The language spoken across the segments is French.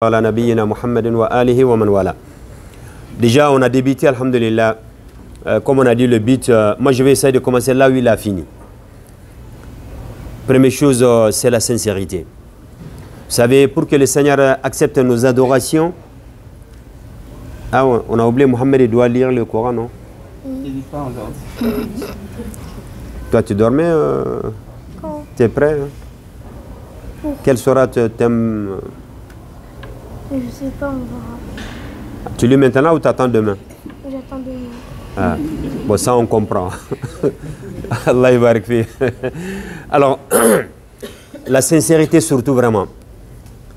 wa Déjà, on a débuté, alhamdulillah, euh, comme on a dit le but, euh, moi je vais essayer de commencer là où il a fini. Première chose, euh, c'est la sincérité. Vous savez, pour que le Seigneur accepte nos adorations, ah on a oublié, Mohamed, il doit lire le Coran, non Il dit pas en Toi, tu dormais tu es prêt hein? Quelle sera ton thème je sais pas, on Tu lis maintenant ou tu attends demain J'attends demain. Ah. Bon, ça, on comprend. Allah Alors, la sincérité surtout vraiment.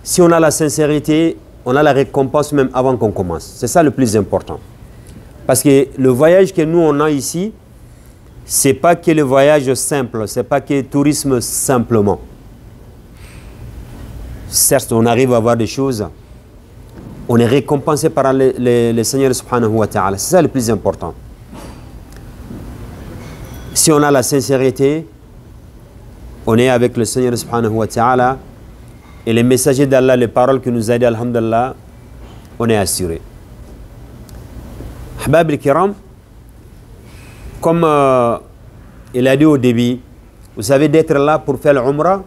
Si on a la sincérité, on a la récompense même avant qu'on commence. C'est ça le plus important. Parce que le voyage que nous, on a ici, n'est pas que le voyage simple, c'est pas que le tourisme simplement. Certes, on arrive à voir des choses, on est récompensé par le, Seigneur subhanahu wa ta'ala. C'est ça le plus important. Si on a la sincérité, on est avec le Seigneur subhanahu wa ta'ala et les messagers d'Allah, les paroles que nous a dit Alhamdulillah, on est assuré. Habab al-Kiram, comme euh, il a dit au début, vous savez d'être là pour faire l'umrah,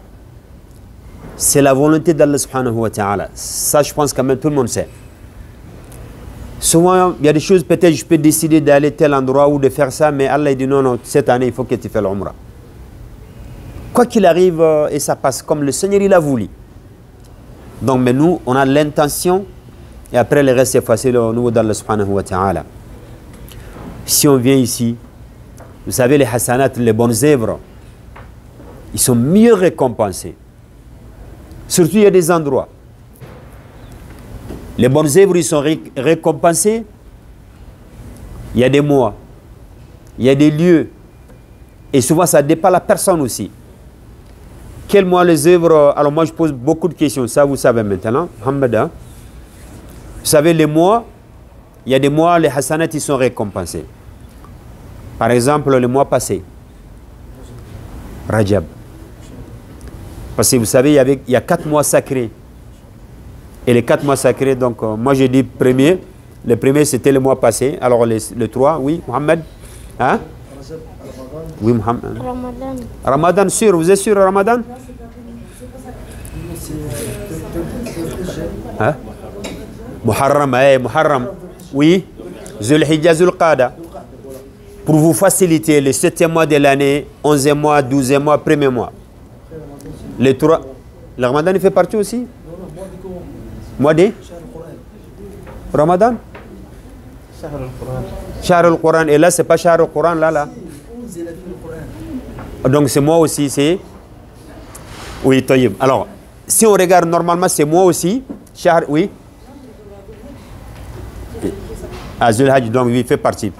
c'est la volonté d'Allah subhanahu wa ta'ala. Ça, je pense quand même tout le monde sait. Souvent, il y a des choses, peut-être je peux décider d'aller tel endroit ou de faire ça, mais Allah dit non, non, cette année, il faut que tu fasses l'umrah. Quoi qu'il arrive, euh, et ça passe comme le Seigneur, il a voulu. Donc, mais nous, on a l'intention, et après, le reste est facile au niveau d'Allah subhanahu wa ta'ala. Si on vient ici, vous savez, les hasanat, les bonnes œuvres, ils sont mieux récompensés. Surtout, il y a des endroits les bonnes œuvres, ils sont récompensés. Il y a des mois, il y a des lieux. Et souvent, ça dépend la personne aussi. Quel mois les œuvres Alors moi, je pose beaucoup de questions. Ça, vous savez maintenant. Hamada. Hein. Vous savez, les mois, il y a des mois, les hasanats, ils sont récompensés. Par exemple, le mois passé. Rajab. Parce que vous savez, il y a quatre mois sacrés. Et les quatre mois sacrés, donc euh, moi j'ai dit premier. Le premier c'était le mois passé. Alors le 3, oui, Mohamed Hein Oui, Mohamed. Ramadan. Ramadan, sûr, vous êtes sûr Ramadan hein? Muharram, eh, Muharram. Oui, Zul Pour vous faciliter le septième mois de l'année, 11e mois, 12e mois, premier mois. Le 3. Le Ramadan il fait partie aussi mois de Ramadan Shahar al-Quran. Et eh, là, c'est pas Shahar al-Quran, là, là. Donc, c'est moi aussi, c'est. Oui, Alors, si on regarde normalement, c'est moi aussi. Shahar, oui. Azul ah, Hajj, donc, il fait partie.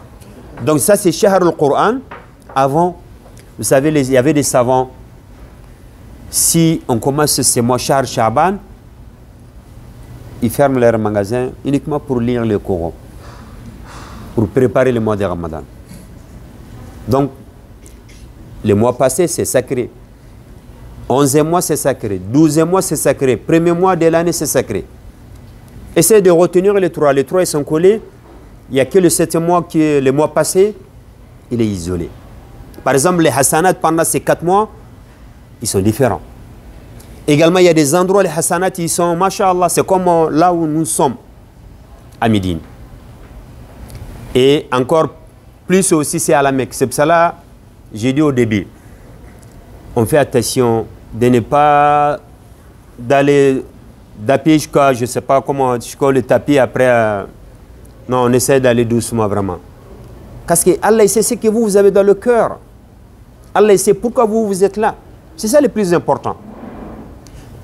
Donc, ça, c'est Shahar al-Quran. Avant, vous savez, il y avait des savants. Si on commence, c'est moi, Shahar Shaban ils ferment leurs magasins uniquement pour lire le coran pour préparer le mois de Ramadan. Donc, le mois passé, c'est sacré. 11 mois, c'est sacré. 12e mois, c'est sacré. Premier mois de l'année, c'est sacré. Essayez de retenir les trois. Les trois, ils sont collés. Il n'y a que le septième mois qui le mois passé. Il est isolé. Par exemple, les Hassanat pendant ces quatre mois, ils sont différents. Également, il y a des endroits, les Hassanat, ils sont, mashallah, c'est comme euh, là où nous sommes, à Médine. Et encore plus aussi, c'est à la Mecque. C'est pour cela, j'ai dit au début, on fait attention de ne pas d'aller d'appuyer jusqu'à, je ne sais pas comment, jusqu'au le tapis après. Euh, non, on essaie d'aller doucement vraiment. Parce que Allah sait ce que vous, avez dans le cœur. Allah sait pourquoi vous, vous êtes là. C'est ça le plus important.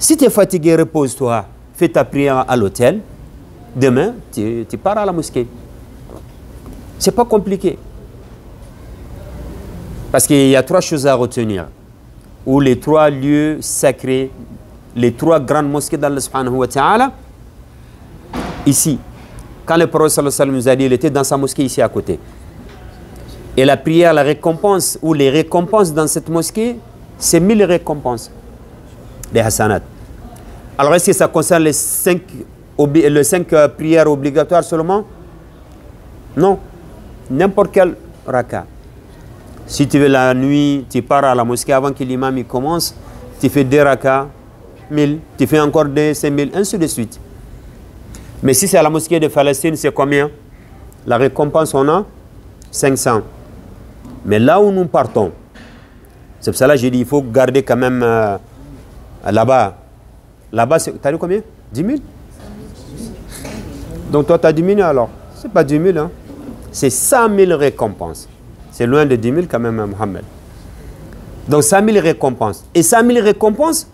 Si tu es fatigué, repose-toi. Fais ta prière à l'hôtel. Demain, tu, pars à la mosquée. C'est pas compliqué. Parce qu'il y a trois choses à retenir. Ou les trois lieux sacrés, les trois grandes mosquées d'Allah subhanahu ta'ala. Ici, quand le prophète sallallahu nous a dit, il était dans sa mosquée ici à côté. Et la prière, la récompense, ou les récompenses dans cette mosquée, c'est mille récompenses. Les Hassanat. Alors, est-ce que ça concerne les cinq, euh, prières obligatoires seulement Non. N'importe quel raka. Si tu veux la nuit, tu pars à la mosquée avant que l'imam commence, tu fais deux raka, mille, tu fais encore deux, cinq mille, ainsi de suite. Mais si c'est à la mosquée de Palestine, c'est combien La récompense, on a 500. Mais là où nous partons, c'est pour cela que j'ai dit qu'il faut garder quand même euh, là-bas Là-bas, t'as dit combien 10 000 Donc toi, tu t'as diminué alors C'est pas 10 000, hein C'est 100 000 récompenses. C'est loin de 10 000 quand même, hein, Mohamed. Donc 100 000 récompenses. Et 100 000 récompenses,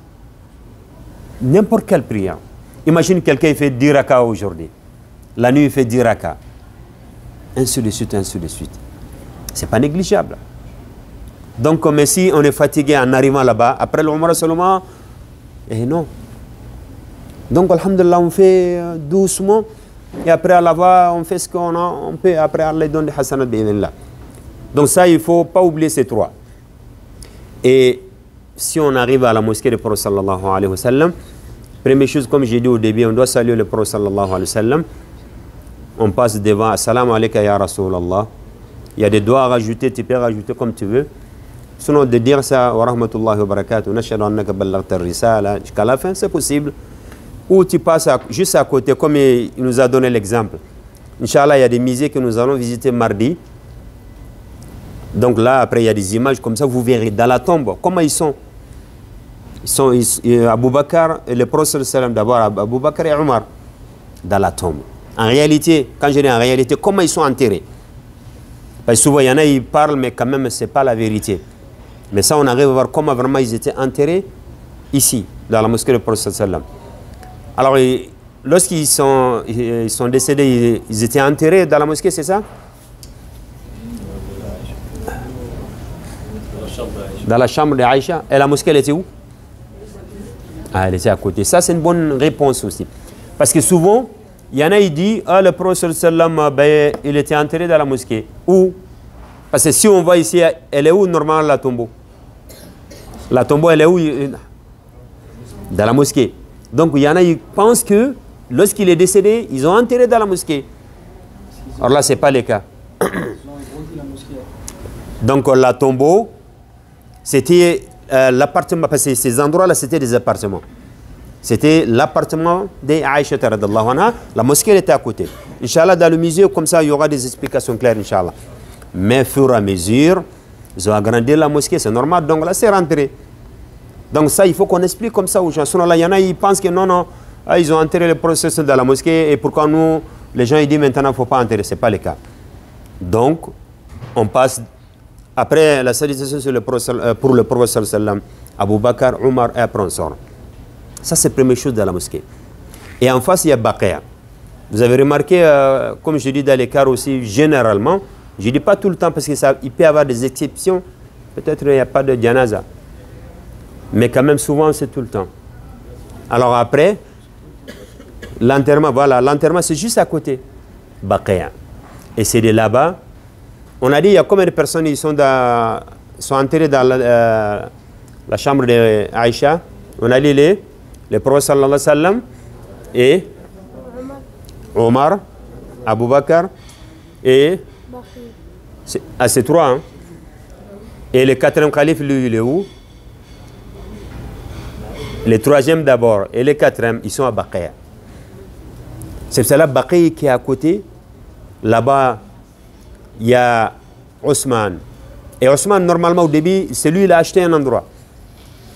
n'importe quelle prière. Imagine quelqu'un qui fait 10 raka aujourd'hui. La nuit, il fait 10 Un Ainsi de suite, ainsi de suite. n'est pas négligeable. Donc, comme si on est fatigué en arrivant là-bas, après l'Omra seulement, eh non, donc, Alhamdulillah, on fait euh, doucement. Et après, à la on fait ce qu'on a. On peut, après, aller donner des hasanat là. Donc, ça, il ne faut pas oublier ces trois. Et si on arrive à la mosquée du Prophète sallallahu alayhi wa sallam, première chose, comme j'ai dit au début, on doit saluer le Prophète sallallahu alayhi wa sallam. On passe devant, salam alaikum ya Rasulallah. Il y a des doigts à rajouter, tu peux rajouter comme tu veux. Sinon, de dire ça, wa rahmatullahi wa barakatuh, nashadu annaka ballaghta risala, jusqu'à la fin, c'est possible ou tu passes juste à côté, comme il nous a donné l'exemple. Inch'Allah, il y a des musées que nous allons visiter mardi. Donc là, après, il y a des images comme ça, vous verrez dans la tombe comment ils sont. Ils sont ils, euh, Bakr et le prophète d'abord, Abou Bakr et Omar, dans la tombe. En réalité, quand je dis en réalité, comment ils sont enterrés Parce souvent, il y en a, ils parlent, mais quand même, ce n'est pas la vérité. Mais ça, on arrive à voir comment vraiment ils étaient enterrés ici, dans la mosquée du prophète sallallahu alors, lorsqu'ils sont, ils sont décédés, ils étaient enterrés dans la mosquée, c'est ça Dans la chambre d'Aïcha. Et la mosquée, elle était où ah, elle était à côté. Ça, c'est une bonne réponse aussi. Parce que souvent, il y en a, qui disent Ah, le prophète sallam, ben, il était enterré dans la mosquée. Où Parce que si on voit ici, elle est où normalement la tombe La tombeau, elle est où Dans la mosquée. Donc il y en a, ils pensent que lorsqu'il est décédé, ils ont enterré dans la mosquée. Alors là, ce n'est pas le cas. Donc la tombeau, c'était euh, l'appartement, parce que ces endroits-là, c'était des appartements. C'était l'appartement des anha. La mosquée était à côté. Inch'Allah, dans le musée, comme ça, il y aura des explications claires, Inch'Allah. Mais au fur et à mesure, ils ont agrandi la mosquée, c'est normal. Donc là, c'est rentré. Donc ça, il faut qu'on explique comme ça aux gens. Sinon, là, il y en a, ils pensent que non, non, ah, ils ont enterré le processus dans la mosquée et pourquoi nous, les gens, ils disent maintenant, il ne faut pas enterrer. Ce n'est pas le cas. Donc, on passe, après la salutation sur le euh, pour le professeur sallam, Abu Bakr, Omar et après Ça, c'est la première chose dans la mosquée. Et en face, il y a Baqia. Vous avez remarqué, euh, comme je dis dans les cas aussi, généralement, je ne dis pas tout le temps parce qu'il peut y avoir des exceptions. Peut-être il n'y a pas de dianaza mais quand même souvent c'est tout le temps. Alors après, l'enterrement, voilà, l'enterrement c'est juste à côté, Et c'est de là-bas. On a dit, il y a combien de personnes qui sont, sont enterrées dans la, euh, chambre d'Aïcha On a dit les, les prophètes sallallahu sallam et Omar, Abu Bakr et... À ces ah, trois. Hein? Et le quatrième calife, lui, il est où les troisièmes d'abord et les quatrièmes, ils sont à Baqaya. C'est cela Baqaya qui est à côté. Là-bas, il y a Osman Et Osman normalement, au début, c'est lui, il a acheté un endroit.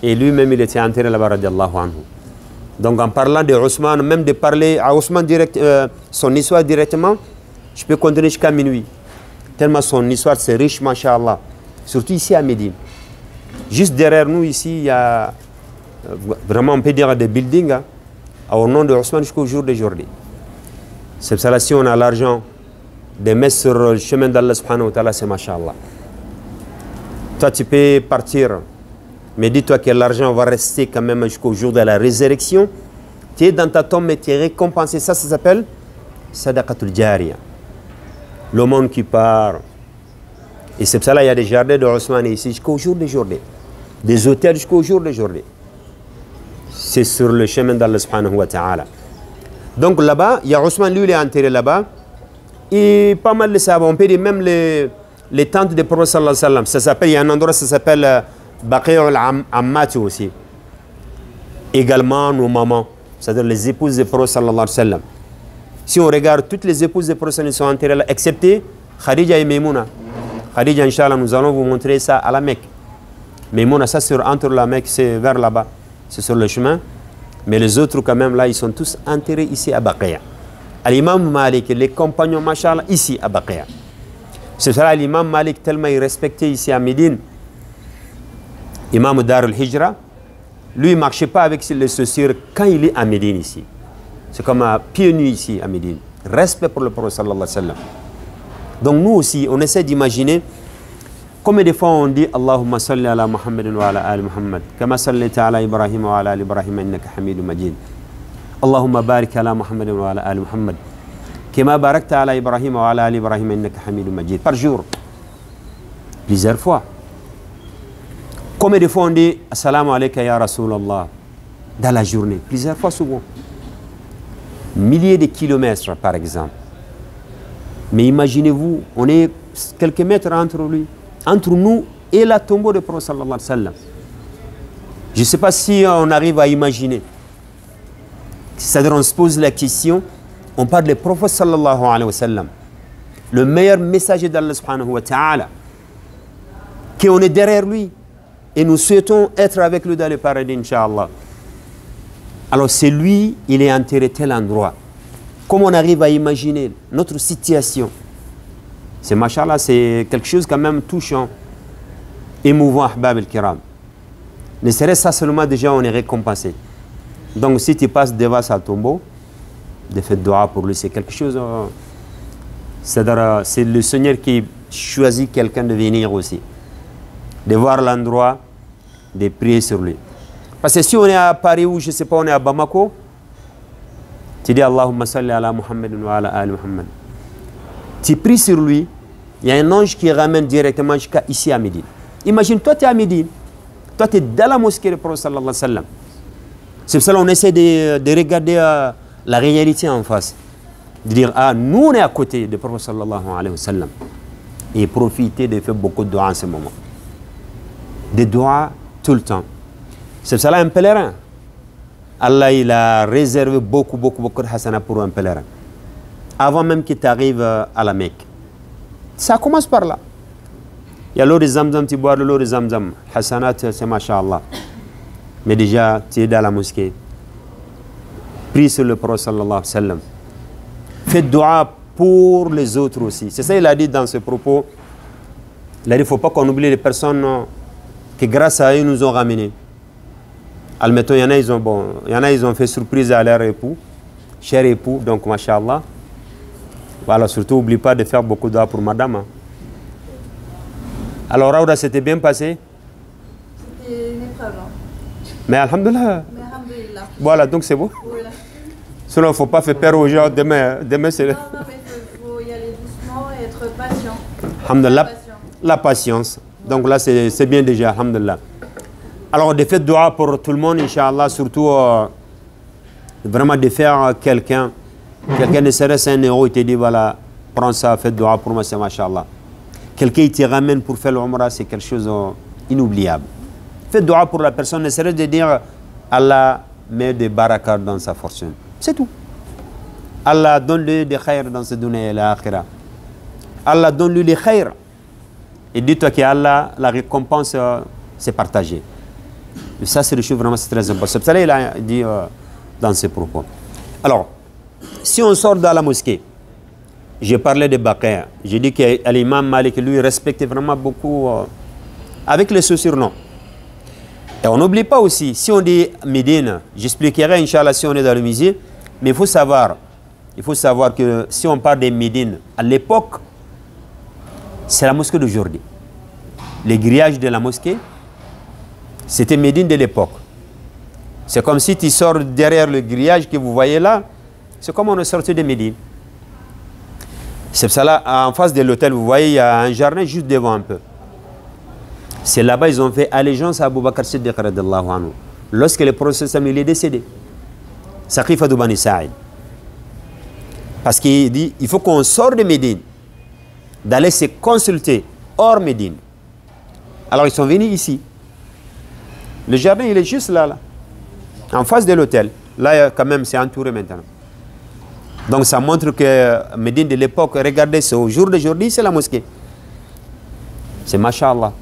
Et lui-même, il était enterré là-bas, radiallahu anhu. Donc, en parlant de Osman même de parler à Ousmane direct, euh, son histoire directement, je peux continuer jusqu'à minuit. Tellement son histoire, c'est riche, masha'Allah. Surtout ici à Médine. Juste derrière nous, ici, il y a euh, vraiment on peut dire des buildings hein, au nom de Ousmane jusqu'au jour d'aujourd'hui. C'est ça là si on a l'argent de mettre sur le chemin d'Allah subhanahu wa ta'ala, c'est mashallah. Toi tu peux partir, mais dis-toi que l'argent va rester quand même jusqu'au jour de la résurrection. Tu es dans ta tombe et tu es récompensé. Ça, ça s'appelle Sadaqatul Jariya. Le monde qui part. Et c'est pour ça là il y a des jardins de Ousmane ici jusqu'au jour d'aujourd'hui. Des hôtels jusqu'au jour d'aujourd'hui c'est sur le chemin d'Allah subhanahu wa ta'ala. Donc là-bas, il y a Ousmane, lui, il est enterré là-bas. Et pas mal de savants, on peut même les, les tentes des prophète sallallahu alayhi wa sallam. Ça s'appelle, il y a un endroit, ça s'appelle euh, Baqir al-Ammati aussi. Également nos mamans, c'est-à-dire les épouses de Prophète sallallahu alayhi wa sallam. Si on regarde, toutes les épouses de des elles sont enterrées là, excepté Khadija et Memouna. Khadija, Inch'Allah, nous allons vous montrer ça à la Mecque. Memouna, ça c'est entre la Mecque, c'est vers là-bas c'est sur le chemin. Mais les autres, quand même, là, ils sont tous enterrés ici à Baqia. À l'imam Malik, les compagnons, machallah, ici à Baqia. Ce sera l'imam Malik, tellement il ici à Médine, imam Dar al-Hijra, lui, il ne marchait pas avec les chaussures quand il est à Médine ici. C'est comme un pied ici à Médine. Respect pour le prophète sallallahu alayhi wa Donc nous aussi, on essaie d'imaginer كوميدي فون دي اللهم صل على محمد وعلى ال محمد كما صليت على ابراهيم وعلى ال ابراهيم انك حميد مجيد اللهم بارك على محمد وعلى ال محمد كما باركت على ابراهيم وعلى ال ابراهيم انك حميد مجيد par jour plusieurs fois كوميدي فون دي السلام عليك يا رسول الله dans la journée plusieurs fois souvent milliers de kilomètres par exemple mais imaginez-vous on est quelques mètres entre lui entre nous et la tombe du prophète sallallahu alayhi wa sallam. Je ne sais pas si on arrive à imaginer. C'est-à-dire, on se pose la question, on parle du prophète sallallahu alayhi wa sallam, le meilleur messager d'Allah subhanahu wa ta'ala, qu'on est derrière lui et nous souhaitons être avec lui dans le paradis, inshallah. Alors, c'est lui, il est enterré tel endroit. Comment on arrive à imaginer notre situation c'est machallah, c'est quelque chose quand même touchant, émouvant, ahbab al-kiram. Ne serait-ce ça seulement, déjà on est récompensé. Donc si tu passes devant sa tombeau, de faire dua pour lui, c'est quelque chose. Euh, euh, cest le Seigneur qui choisit quelqu'un de venir aussi, de voir l'endroit, de prier sur lui. Parce que si on est à Paris ou je ne sais pas, on est à Bamako, tu dis Allahumma salli ala Muhammad wa ala ali Muhammad tu pries sur lui, il y a un ange qui ramène directement jusqu'à ici à midi. Imagine, toi tu es à midi, toi tu es dans la mosquée du prophète sallallahu alayhi wa sallam. C'est pour ça qu'on essaie de, regarder euh, la réalité en face. De dire, ah, nous on est à côté du prophète sallallahu alayhi wa sallam. Et profiter de faire beaucoup de doigts en ce moment. Des doigts tout le temps. C'est pour ça un pèlerin. Allah il a réservé beaucoup, beaucoup, beaucoup de hasana pour un pèlerin avant même que tu arrives euh, à la Mecque. Ça commence par là. Il y a l'eau de Zamzam, tu bois de l'eau de Zamzam. Hassanat, c'est machallah. Mais déjà, tu es dans la mosquée. Prie sur le prophète sallallahu alayhi Fais dua pour les autres aussi. C'est ça qu'il a dit dans ce propos. Il a dit, il ne faut pas qu'on oublie les personnes euh, que grâce à eux, nous ont ramenés. Admettons, il y en a, ils ont, y en a, ils ont fait surprise à leur époux, cher époux, donc Masha'Allah. Voilà, surtout, n'oublie pas de faire beaucoup doigt pour madame. Hein. Alors, Raouda, c'était bien passé C'était une épreuve. Hein. Mais Alhamdulillah. Mais alhamdulillah. Voilà, donc c'est bon Voilà. Sinon, il ne faut pas faire peur aux gens demain. Hein. Demain, c'est. Non, non, mais il faut, y aller doucement et être patient. Alhamdulillah. La, patience. Donc là, c'est bien déjà, Alhamdulillah. Alors, de faire pour tout le monde, Inch'Allah, surtout euh, vraiment de faire euh, quelqu'un Quelqu'un ne serait-ce un héros, il te dit voilà, prends ça, fais dua pour moi, c'est machallah. Quelqu'un il te ramène pour faire l'umrah, c'est quelque chose d'inoubliable. Fais dua pour la personne, ne serait-ce de dire Allah met des barakas dans sa fortune. C'est tout. Allah donne-lui des khayrs dans ce dunya et l'akhira. Allah donne-lui les khayrs. Et dis-toi qu'Allah, la récompense, euh, c'est partagé. Et ça, c'est le chose vraiment très important. C'est ça qu'il a dit euh, dans ses propos. Alors, si on sort dans la mosquée, je parlais de Bakr, j'ai dit que l'imam Malik, lui, respectait vraiment beaucoup, euh, avec le non. Et on n'oublie pas aussi, si on dit Médine, j'expliquerai, Inch'Allah, si on est dans le musée, mais il faut savoir, il faut savoir que si on parle de Médine, à l'époque, c'est la mosquée d'aujourd'hui. Les grillages de la mosquée, c'était Médine de l'époque. C'est comme si tu sors derrière le grillage que vous voyez là, c'est comme on est sorti de Médine C'est ça là en face de l'hôtel, vous voyez, il y a un jardin juste devant un peu. C'est là-bas ils ont fait allégeance à Abu Bakr Lorsque le prophète il est décédé. Saqifa Bani Parce qu'il dit, il faut qu'on sorte de Médine, d'aller se consulter hors Médine. Alors ils sont venus ici. Le jardin, il est juste là, là en face de l'hôtel. Là, quand même, c'est entouré maintenant. Donc ça montre que Medine de l'époque, regardez, c'est au jour d'aujourd'hui, c'est la mosquée. C'est mashallah.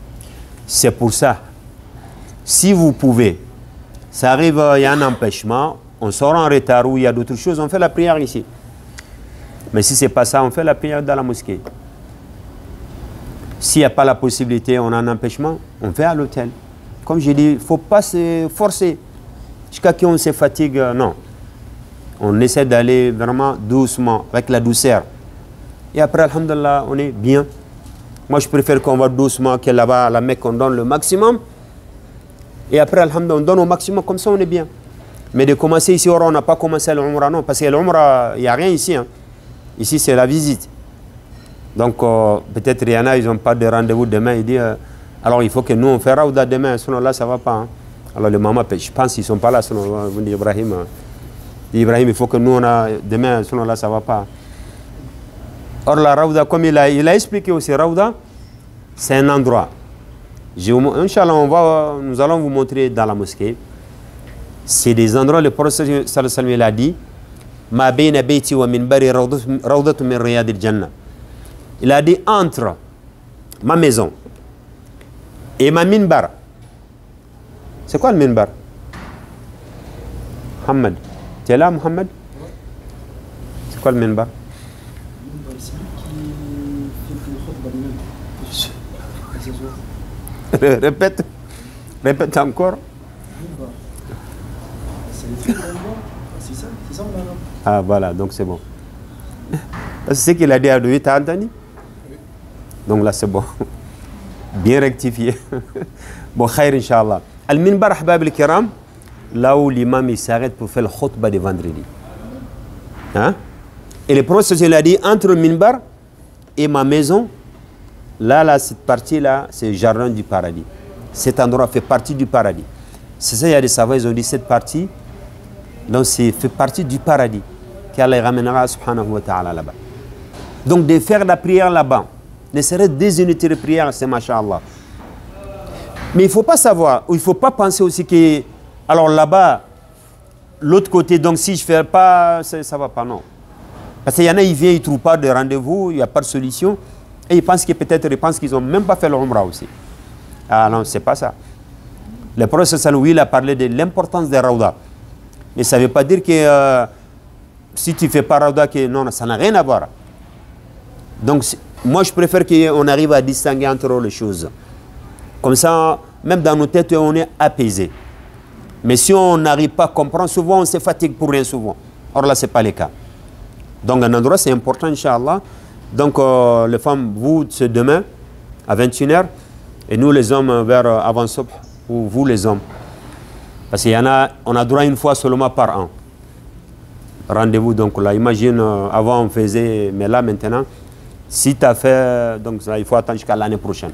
C'est pour ça. Si vous pouvez, ça arrive, il y a un empêchement, on sort en retard ou il y a d'autres choses, on fait la prière ici. Mais si ce n'est pas ça, on fait la prière dans la mosquée. S'il n'y a pas la possibilité, on a un empêchement, on fait à l'hôtel. Comme je dis, il ne faut pas se forcer. Jusqu'à qui on se fatigue, euh, non. On essaie d'aller vraiment doucement, avec la douceur. Et après, Alhamdulillah, on est bien. Moi, je préfère qu'on va doucement, que là-bas, à la Mecque, on donne le maximum. Et après, Alhamdulillah, on donne au maximum, comme ça, on est bien. Mais de commencer ici, on n'a pas commencé l'Umrah, non, parce que l'Umrah, il n'y a rien ici. Hein. Ici, c'est la visite. Donc, euh, peut-être il y en a, ils n'ont pas de rendez-vous demain. Il disent, euh, alors il faut que nous, on fera demain. Sinon, là, ça ne va pas. Hein. Alors, le mamans, je pense qu'ils ne sont pas là, selon Ibrahim. Euh, Ibrahim, il faut que nous, on demain, selon là, ça ne va pas. Or, la Rauda, comme il a, expliqué aussi, Raouda, c'est un endroit. Inch'Allah, on va, nous allons vous montrer dans la mosquée. C'est des endroits, le prophète il a dit, Ma ou wa et raudatu min riyad al-jannah. Il a dit, entre ma maison et ma minbar. C'est quoi le minbar Hamad. C'est là, Mohamed C'est quoi le minbar Répète. Répète encore. C'est c'est ça, ça Ah voilà, donc c'est bon. C'est ce qu'il a dit à lui, t'as entendu Donc là c'est bon. Bien rectifié. Bon, khair, Inch'Allah. Al-Minbar, Ahbab al-Kiram là où l'imam s'arrête pour faire le khutbah de vendredi. Hein? Et le prophète a dit entre minbar et ma maison, là, là cette partie-là, c'est le jardin du paradis. Cet endroit fait partie du paradis. C'est ça, il y a des savants, ils ont dit cette partie, donc c'est fait partie du paradis qu'Allah ramènera subhanahu wa ta'ala là-bas. Donc de faire la prière là-bas, ne serait-ce des unités de prière, c'est masha'Allah Mais il ne faut pas savoir, ou il ne faut pas penser aussi que alors là-bas, l'autre côté, donc si je ne fais pas, ça ne va pas, non. Parce qu'il y en a, ils viennent, ils ne trouvent pas de rendez-vous, il n'y a pas de solution. Et ils pensent que peut-être, ils pensent qu'ils n'ont même pas fait leur umrah aussi. Ah non, c'est pas ça. Le professeur Salouil a parlé de l'importance des Raouda. Mais ça ne veut pas dire que euh, si tu ne fais pas Raouda, que non, ça n'a rien à voir. Donc, moi, je préfère qu'on arrive à distinguer entre les choses. Comme ça, même dans nos têtes, on est apaisé. Mais si on n'arrive pas à comprendre, souvent on se fatigue pour rien souvent. Or là, ce n'est pas le cas. Donc un endroit, c'est important, Inch'Allah. Donc euh, les femmes, vous, c'est demain, à 21h, et nous les hommes, vers euh, avant sop ou vous les hommes. Parce qu'il y en a, on a droit une fois seulement par an. Rendez-vous donc là. Imagine, euh, avant on faisait, mais là maintenant, si tu as fait, donc ça, il faut attendre jusqu'à l'année prochaine.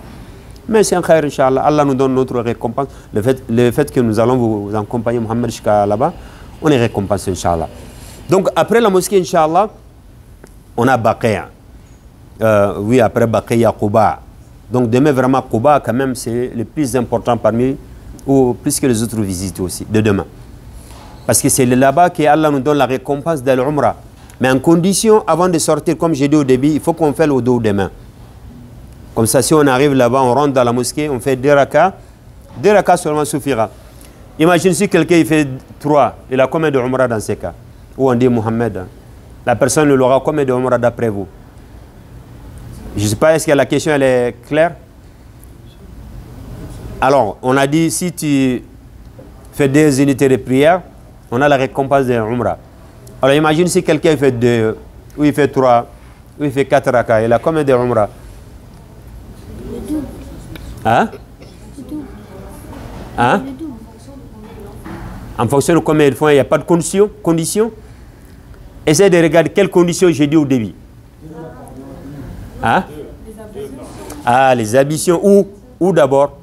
Mais c'est un khair, Inch'Allah. Allah nous donne notre récompense. Le fait, le fait que nous allons vous, accompagner, Mohamed, là-bas, on est récompensé, Inch'Allah. Donc, après la mosquée, Inch'Allah, on a Baqia. Euh, oui, après Baqia, Kuba. Donc, demain, vraiment, Kuba, quand même, c'est le plus important parmi, ou plus que les autres visites aussi, de demain. Parce que c'est là-bas que Allah nous donne la récompense de l'Umrah. Mais en condition, avant de sortir, comme j'ai dit au début, il faut qu'on fasse le dos demain. Comme ça, si on arrive là-bas, on rentre dans la mosquée, on fait deux rakas. Deux rakas seulement suffira. Imagine si quelqu'un il fait trois, il a combien de umrah dans ces cas Ou on dit Mohamed, hein? la personne ne aura combien de umrah d'après vous Je ne sais pas, est-ce que la question elle est claire Alors, on a dit si tu fais deux unités de prière, on a la récompense de umrah. Alors imagine si quelqu'un fait deux, ou il fait trois, ou il fait quatre rakas, il a combien de umrah Hein Hein En fonction de combien de font, il n'y a pas de condition, condition. de regarder quelles conditions j'ai dit au début. Hein Ah, les ambitions. Où ou d'abord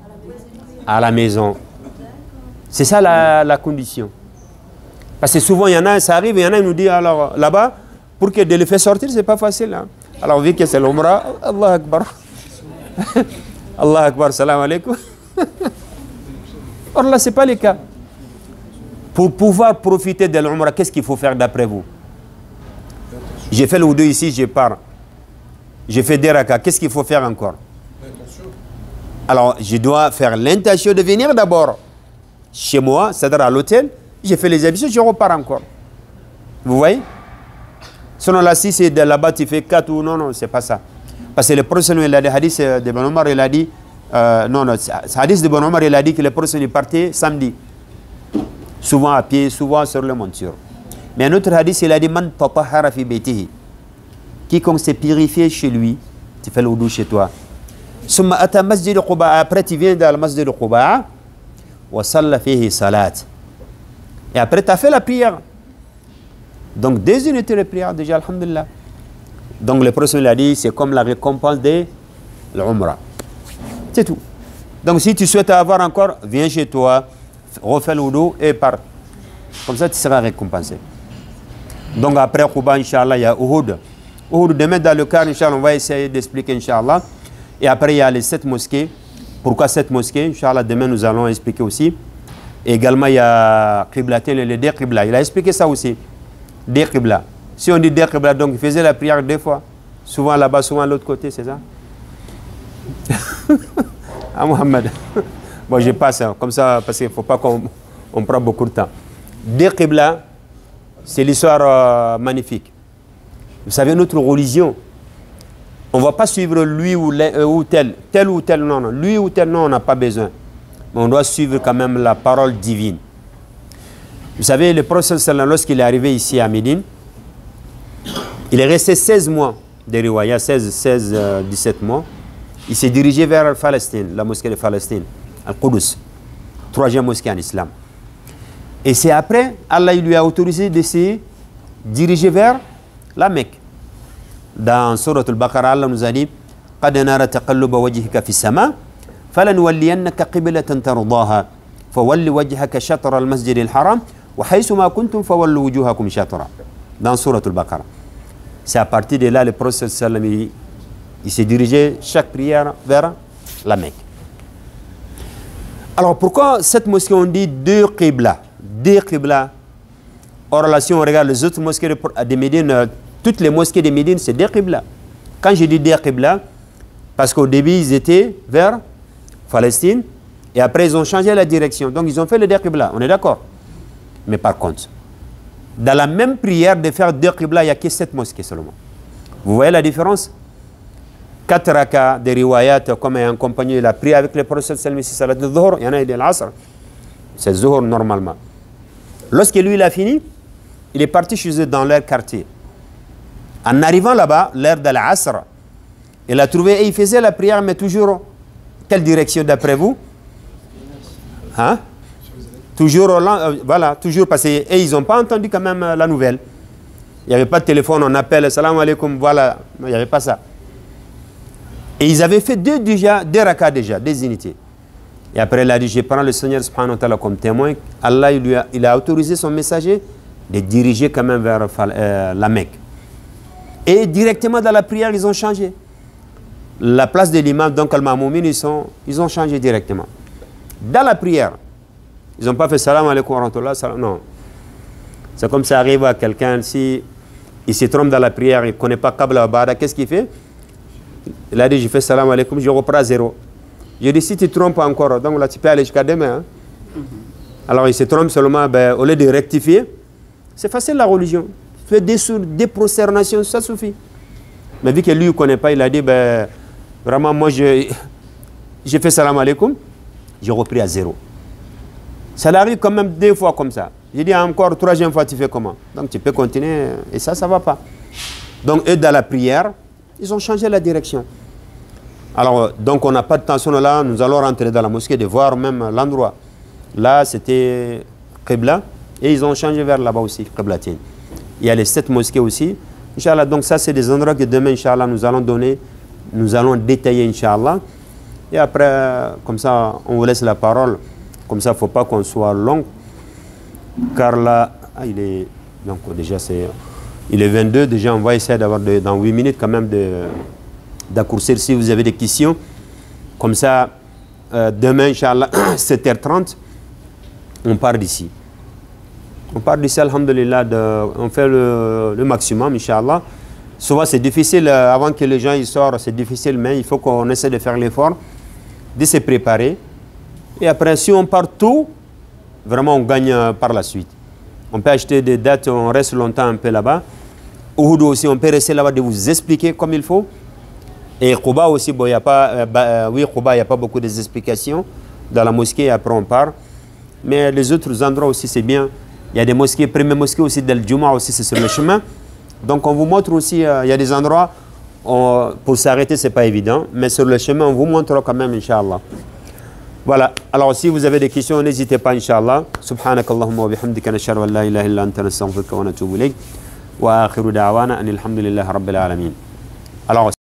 À la maison. C'est ça la, la, condition. Parce que souvent, il y en a, ça arrive, il y en a, qui nous dit alors là-bas, pour que de les faire sortir, c'est pas facile. Hein. Alors, vu que c'est l'ombre Allah Akbar. Allah Akbar, salam alaikum. Or là, c'est pas le cas. Pour pouvoir profiter de l'Umrah, qu'est-ce qu'il faut faire d'après vous J'ai fait le deux ici, je pars. J'ai fait des Qu'est-ce qu'il faut faire encore Alors, je dois faire l'intention de venir d'abord chez moi, c'est-à-dire à, l'hôtel. J'ai fait les habitudes, je repars encore. Vous voyez Sinon, là, si c'est de là-bas, tu fais 4 ou non, non, c'est pas ça. Parce que le prophète, il a dit, hadith euh, de Ben Omar, il a dit, euh, non, non, hadith de Ben Omar, il a dit que le prophète partait samedi. Souvent à pied, souvent sur le monture. Mais un autre hadith, il a dit, man papa harafi betihi. Quiconque s'est purifié chez lui, tu fais l'oudou chez toi. Summa ata masjid Quba, après tu viens dans le masjid Quba, wa salla Et après, tu as fait la prière. Donc, deux unités de prière, déjà, alhamdulillah. Donc le professeur a dit, c'est comme la récompense de l'Umra. C'est tout. Donc si tu souhaites avoir encore, viens chez toi, refais le et pars. Comme ça, tu seras récompensé. Donc après Kouba, Inch'Allah, il y a Uhud. Uhud, demain dans le car, Inch'Allah, on va essayer d'expliquer, Inch'Allah. Et après, il y a les sept mosquées. Pourquoi sept mosquées Inch'Allah, demain, nous allons expliquer aussi. Et également, il y a Qiblatin, les deux Il a expliqué ça aussi. Deux si on dit Dekibla, donc il faisait la prière deux fois. Souvent là-bas, souvent à l'autre côté, c'est ça Ah Mohamed. Bon, je passe hein. comme ça parce qu'il ne faut pas qu'on on prend beaucoup de temps. Der c'est l'histoire euh, magnifique. Vous savez, notre religion, on ne va pas suivre lui ou, euh, ou, tel, tel ou tel, non, non. Lui ou tel, non, on n'a pas besoin. Mais on doit suivre quand même la parole divine. Vous savez, le prophète, lorsqu'il est arrivé ici à Médine, il est resté 16 mois de Riwaya, 16, 16 euh, 17 mois. Il s'est dirigé vers Palestine, la mosquée de Palestine, Al-Qudus, troisième mosquée en islam. Et c'est après, Allah lui a autorisé de se diriger vers la Mecque. Dans Surat al-Baqarah, Allah nous a dit قد نرى تقلب وجهك في السماء فلنولينك قبلة ترضاها فول وجهك شطر المسجد الحرام وحيثما كنتم فولوا وجوهكم شطرا dans Surat al c'est à partir de là que le prophète sallam, il, s'est dirigé chaque prière vers la Mecque. Alors pourquoi cette mosquée on dit deux Qibla Deux Qibla. En relation, on regarde les autres mosquées de Médine, euh, toutes les mosquées de Médine, c'est deux Qibla. Quand je dis deux Qibla, parce qu'au début, ils étaient vers Palestine, et après, ils ont changé la direction. Donc, ils ont fait le deux Qibla, on est d'accord. Mais par contre, dans la même prière de faire deux Qibla, il n'y a que sept mosquées seulement. Vous voyez la différence Quatre rakas de riwayat, comme un compagnon, il a prié avec le prophète Salmi Salat de Dhuhr, il y en a, il est l'Asr. C'est Zuhur, normalement. Lorsque lui, il a fini, il est parti chez eux dans leur quartier. En arrivant là-bas, l'heure de l'Asr, il a trouvé et il faisait la prière, mais toujours. Quelle direction d'après vous Hein Toujours, euh, voilà, toujours passé et ils n'ont pas entendu quand même euh, la nouvelle. Il n'y avait pas de téléphone, on appelle, salam alaikum, voilà. il n'y avait pas ça. Et ils avaient fait deux, déjà, deux rakas déjà, des unités. Et après, il a dit, je prends le Seigneur comme témoin. Allah, il, a, autorisé son messager de diriger quand même vers euh, la Mecque. Et directement dans la prière, ils ont changé. La place de l'imam, donc al ils, ils ont changé directement. Dans la prière, ils n'ont pas fait salam alaikum wa salam. Non. C'est comme ça arrive à quelqu'un, si il se trompe dans la prière, il ne connaît pas Kabla Abada, qu'est-ce qu'il fait Il a dit, j'ai fait salam alaikum, je reprends à zéro. Je dis, si tu trompes encore, donc là, tu peux aller jusqu'à demain. Hein. Alors, il se trompe seulement, ben, au lieu de rectifier, c'est facile la religion. Fais des, des prosternations, ça suffit. Mais vu que lui, ne connaît pas, il a dit, ben, vraiment, moi, j'ai fait salam alaikum, j'ai repris à zéro. Ça arrive quand même deux fois comme ça. J'ai dit encore troisième fois, tu fais comment Donc tu peux continuer et ça, ça ne va pas. Donc eux, dans la prière, ils ont changé la direction. Alors, donc on n'a pas de tension là, nous allons rentrer dans la mosquée de voir même l'endroit. Là, c'était Qibla et ils ont changé vers là-bas aussi, Qiblatine. Il y a les sept mosquées aussi. Inch'Allah, donc ça, c'est des endroits que demain, Inch'Allah, nous allons donner, nous allons détailler, Inch'Allah. Et après, comme ça, on vous laisse la parole. Comme ça, il ne faut pas qu'on soit long. Car là, ah, il est. Donc déjà, Il est 22, déjà on va essayer d'avoir dans 8 minutes quand même d'accourcir si vous avez des questions. Comme ça, euh, demain, Inch'Allah, 7h30, on part d'ici. On part d'ici, Alhamdulillah, on fait le, maximum, Inch'Allah. Souvent, c'est difficile, euh, avant que les gens ils sortent, c'est difficile, mais il faut qu'on essaie de faire l'effort, de se préparer. Et après, si on part tout, vraiment, on gagne euh, par la suite. On peut acheter des dates, on reste longtemps un peu là-bas. Ou aussi, on peut rester là-bas de vous expliquer comme il faut. Et Kouba aussi, bon, y a pas, euh, euh, oui, il n'y a pas beaucoup d'explications. Dans la mosquée, après, on part. Mais les autres endroits aussi, c'est bien. Il y a des mosquées, première mosquée aussi, Del Juma aussi, c'est sur le chemin. Donc, on vous montre aussi, il y a des endroits, pour s'arrêter, ce n'est pas évident. Mais sur le chemin, on vous montrera quand même, Inch'Allah. Voilà. Alors, si vous avez des questions, n'hésitez pas, Inch'Allah. Subhanak Allahumma wa bihamdika nashar wa la ilaha illa anta nastaghfiruka wa natubu ilayk. Wa akhiru da'wana anil hamdulillahi rabbil alamin. Alors,